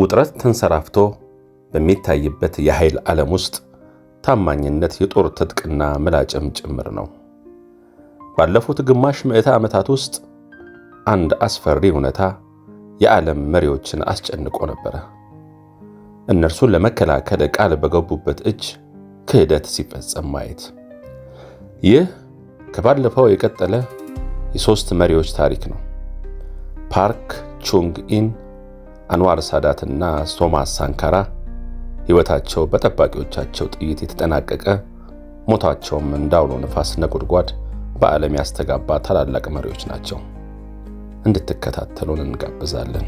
ውጥረት ተንሰራፍቶ በሚታይበት የኃይል ዓለም ውስጥ ታማኝነት የጦር ትጥቅና ምላጭም ጭምር ነው። ባለፉት ግማሽ ምዕተ ዓመታት ውስጥ አንድ አስፈሪ እውነታ የዓለም መሪዎችን አስጨንቆ ነበረ። እነርሱን ለመከላከል ቃል በገቡበት እጅ ክህደት ሲፈጸም ማየት። ይህ ከባለፈው የቀጠለ የሦስት መሪዎች ታሪክ ነው። ፓርክ ቹንግ ኢን አንዋር ሳዳትና ቶማስ ሳንካራ ሕይወታቸው በጠባቂዎቻቸው ጥይት የተጠናቀቀ ሞታቸውም እንዳውሎ አውሎ ነፋስ ነጎድጓድ በዓለም ያስተጋባ ታላላቅ መሪዎች ናቸው። እንድትከታተሉን እንጋብዛለን።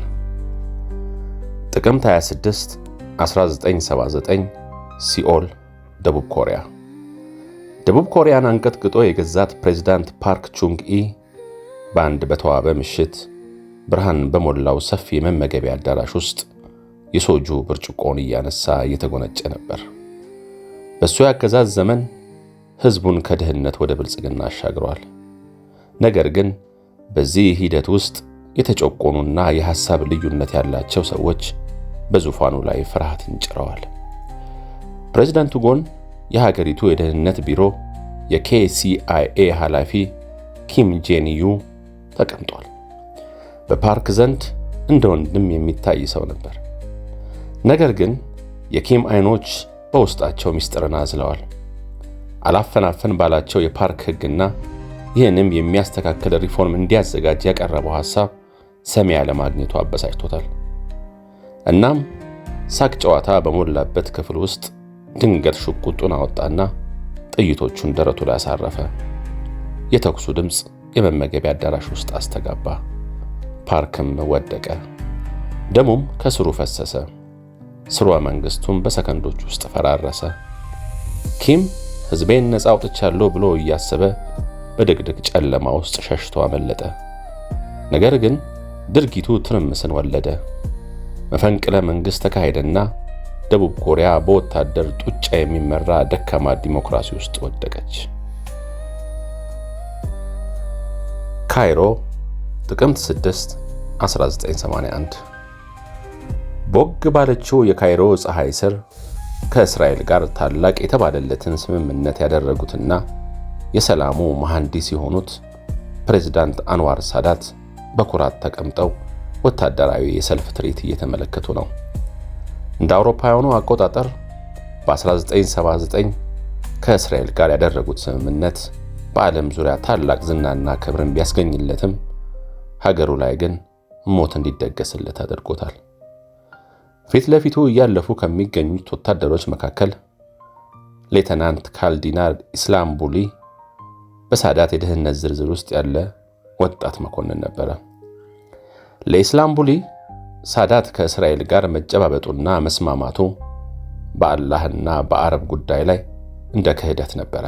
ጥቅምት 26 1979 ሲኦል፣ ደቡብ ኮሪያ። ደቡብ ኮሪያን አንቀጥቅጦ የገዛት ፕሬዚዳንት ፓርክ ቹንግ ኢ በአንድ በተዋበ ምሽት ብርሃን በሞላው ሰፊ መመገቢያ አዳራሽ ውስጥ የሶጁ ብርጭቆን እያነሳ እየተጎነጨ ነበር። በእሱ ያገዛዝ ዘመን ሕዝቡን ከድህነት ወደ ብልጽግና አሻግሯል። ነገር ግን በዚህ ሂደት ውስጥ የተጨቆኑና የሐሳብ ልዩነት ያላቸው ሰዎች በዙፋኑ ላይ ፍርሃትን ጭረዋል። ፕሬዝዳንቱ ጎን የሀገሪቱ የደህንነት ቢሮ የኬሲአይኤ ኃላፊ ኪም ጄንዩ ተቀምጧል። በፓርክ ዘንድ እንደ ወንድም የሚታይ ሰው ነበር። ነገር ግን የኪም አይኖች በውስጣቸው ምስጢርን አዝለዋል። አላፈናፈን ባላቸው የፓርክ ሕግና ይህንም የሚያስተካክል ሪፎርም እንዲያዘጋጅ ያቀረበው ሐሳብ ሰሚ ያለማግኘቱ አበሳጭቶታል። እናም ሳቅ ጨዋታ በሞላበት ክፍል ውስጥ ድንገት ሽጉጡን አወጣና ጥይቶቹን ደረቱ ላይ አሳረፈ። የተኩሱ ድምፅ የመመገቢያ አዳራሽ ውስጥ አስተጋባ። ፓርክም ወደቀ፣ ደሙም ከስሩ ፈሰሰ። ስሯ መንግስቱም በሰከንዶች ውስጥ ፈራረሰ። ኪም ሕዝቤን ነፃ አውጥቻለሁ ብሎ እያሰበ በድቅድቅ ጨለማ ውስጥ ሸሽቶ አመለጠ። ነገር ግን ድርጊቱ ትርምስን ወለደ። መፈንቅለ መንግሥት ተካሄደና ደቡብ ኮሪያ በወታደር ጡጫ የሚመራ ደካማ ዲሞክራሲ ውስጥ ወደቀች። ካይሮ ጥቅምት 6 1981 ቦግ ባለችው የካይሮ ፀሐይ ስር ከእስራኤል ጋር ታላቅ የተባለለትን ስምምነት ያደረጉትና የሰላሙ መሐንዲስ የሆኑት ፕሬዝዳንት አንዋር ሳዳት በኩራት ተቀምጠው ወታደራዊ የሰልፍ ትርኢት እየተመለከቱ ነው። እንደ አውሮፓውያኑ አቆጣጠር በ1979 ከእስራኤል ጋር ያደረጉት ስምምነት በዓለም ዙሪያ ታላቅ ዝናና ክብርን ቢያስገኝለትም ሀገሩ ላይ ግን ሞት እንዲደገስለት አድርጎታል። ፊት ለፊቱ እያለፉ ከሚገኙት ወታደሮች መካከል ሌተናንት ካልዲናር ኢስላምቡሊ በሳዳት የደህንነት ዝርዝር ውስጥ ያለ ወጣት መኮንን ነበረ። ለኢስላምቡሊ ሳዳት ከእስራኤል ጋር መጨባበጡና መስማማቱ በአላህና በአረብ ጉዳይ ላይ እንደ ክህደት ነበረ።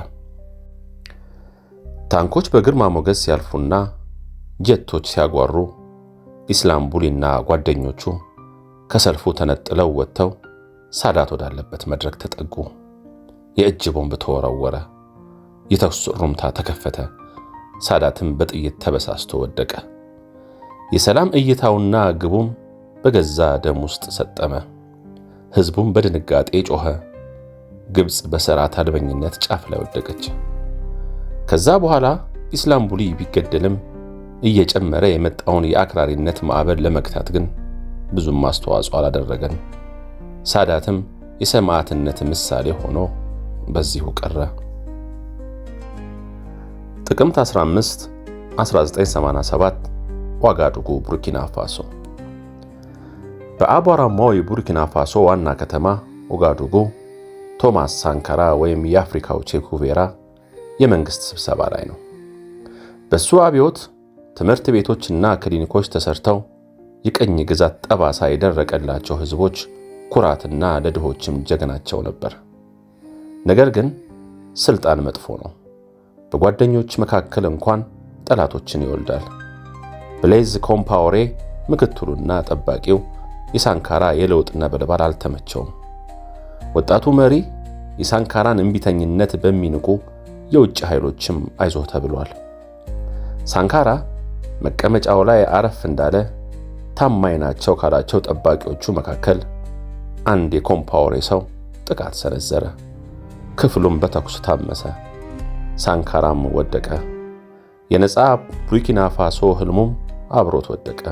ታንኮች በግርማ ሞገስ ያልፉና ጀቶች ሲያጓሩ ኢስላምቡሊና ጓደኞቹ ከሰልፉ ተነጥለው ወጥተው ሳዳት ወዳለበት መድረክ ተጠጉ። የእጅ ቦምብ ተወረወረ። የተኩስ ሩምታ ተከፈተ። ሳዳትም በጥይት ተበሳስቶ ወደቀ። የሰላም እይታውና ግቡም በገዛ ደም ውስጥ ሰጠመ። ሕዝቡም በድንጋጤ ጮኸ። ግብፅ በሥርዓት አልበኝነት ጫፍ ላይ ወደቀች። ከዛ በኋላ ኢስላምቡሊ ቢገደልም እየጨመረ የመጣውን የአክራሪነት ማዕበል ለመግታት ግን ብዙም አስተዋጽኦ አላደረገም። ሳዳትም የሰማዕትነት ምሳሌ ሆኖ በዚሁ ቀረ። ጥቅምት 15 1987 ዋጋዱጉ ቡርኪና ፋሶ። በአቧራማው የቡርኪና ፋሶ ዋና ከተማ ኦጋዱጉ ቶማስ ሳንካራ ወይም የአፍሪካው ቼኩቬራ የመንግሥት ስብሰባ ላይ ነው። በሱ አብዮት ትምህርት ቤቶችና ክሊኒኮች ተሰርተው የቅኝ ግዛት ጠባሳ የደረቀላቸው ህዝቦች ኩራትና ለድሆችም ጀግናቸው ነበር። ነገር ግን ስልጣን መጥፎ ነው። በጓደኞች መካከል እንኳን ጠላቶችን ይወልዳል። ብሌዝ ኮምፓውሬ ምክትሉና ጠባቂው የሳንካራ የለውጥ ነበልባል አልተመቸውም። ወጣቱ መሪ የሳንካራን እምቢተኝነት በሚንቁ የውጭ ኃይሎችም አይዞህ ተብሏል። ሳንካራ መቀመጫው ላይ አረፍ እንዳለ ታማኝ ናቸው ካላቸው ጠባቂዎቹ መካከል አንድ የኮምፓወሬ ሰው ጥቃት ሰነዘረ። ክፍሉም በተኩስ ታመሰ። ሳንካራም ወደቀ። የነፃ ቡርኪና ፋሶ ህልሙም አብሮት ወደቀ።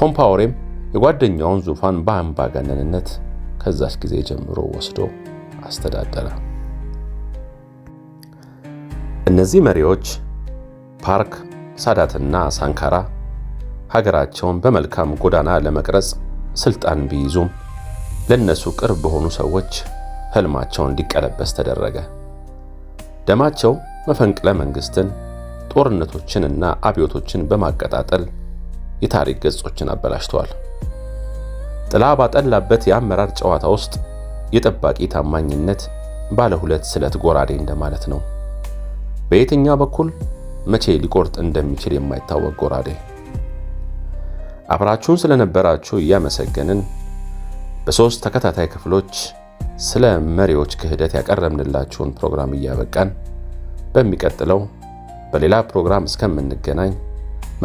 ኮምፓወሬም የጓደኛውን ዙፋን በአምባገነንነት ከዛች ጊዜ ጀምሮ ወስዶ አስተዳደረ። እነዚህ መሪዎች ፓርክ ሳዳትና ሳንካራ ሀገራቸውን በመልካም ጎዳና ለመቅረጽ ስልጣን ቢይዙም ለነሱ ቅርብ በሆኑ ሰዎች ህልማቸው እንዲቀለበስ ተደረገ። ደማቸው መፈንቅለ መንግስትን፣ ጦርነቶችንና አብዮቶችን በማቀጣጠል የታሪክ ገጾችን አበላሽተዋል። ጥላ ባጠላበት የአመራር ጨዋታ ውስጥ የጠባቂ ታማኝነት ባለ ሁለት ስለት ጎራዴ እንደማለት ነው። በየትኛው በኩል መቼ ሊቆርጥ እንደሚችል የማይታወቅ ጎራዴ። አብራችሁን ስለነበራችሁ እያመሰገንን በሦስት ተከታታይ ክፍሎች ስለ መሪዎች ክህደት ያቀረብንላችሁን ፕሮግራም እያበቃን በሚቀጥለው በሌላ ፕሮግራም እስከምንገናኝ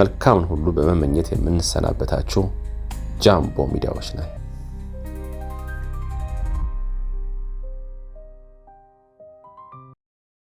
መልካምን ሁሉ በመመኘት የምንሰናበታችሁ ጃምቦ ሚዲያዎች ነን።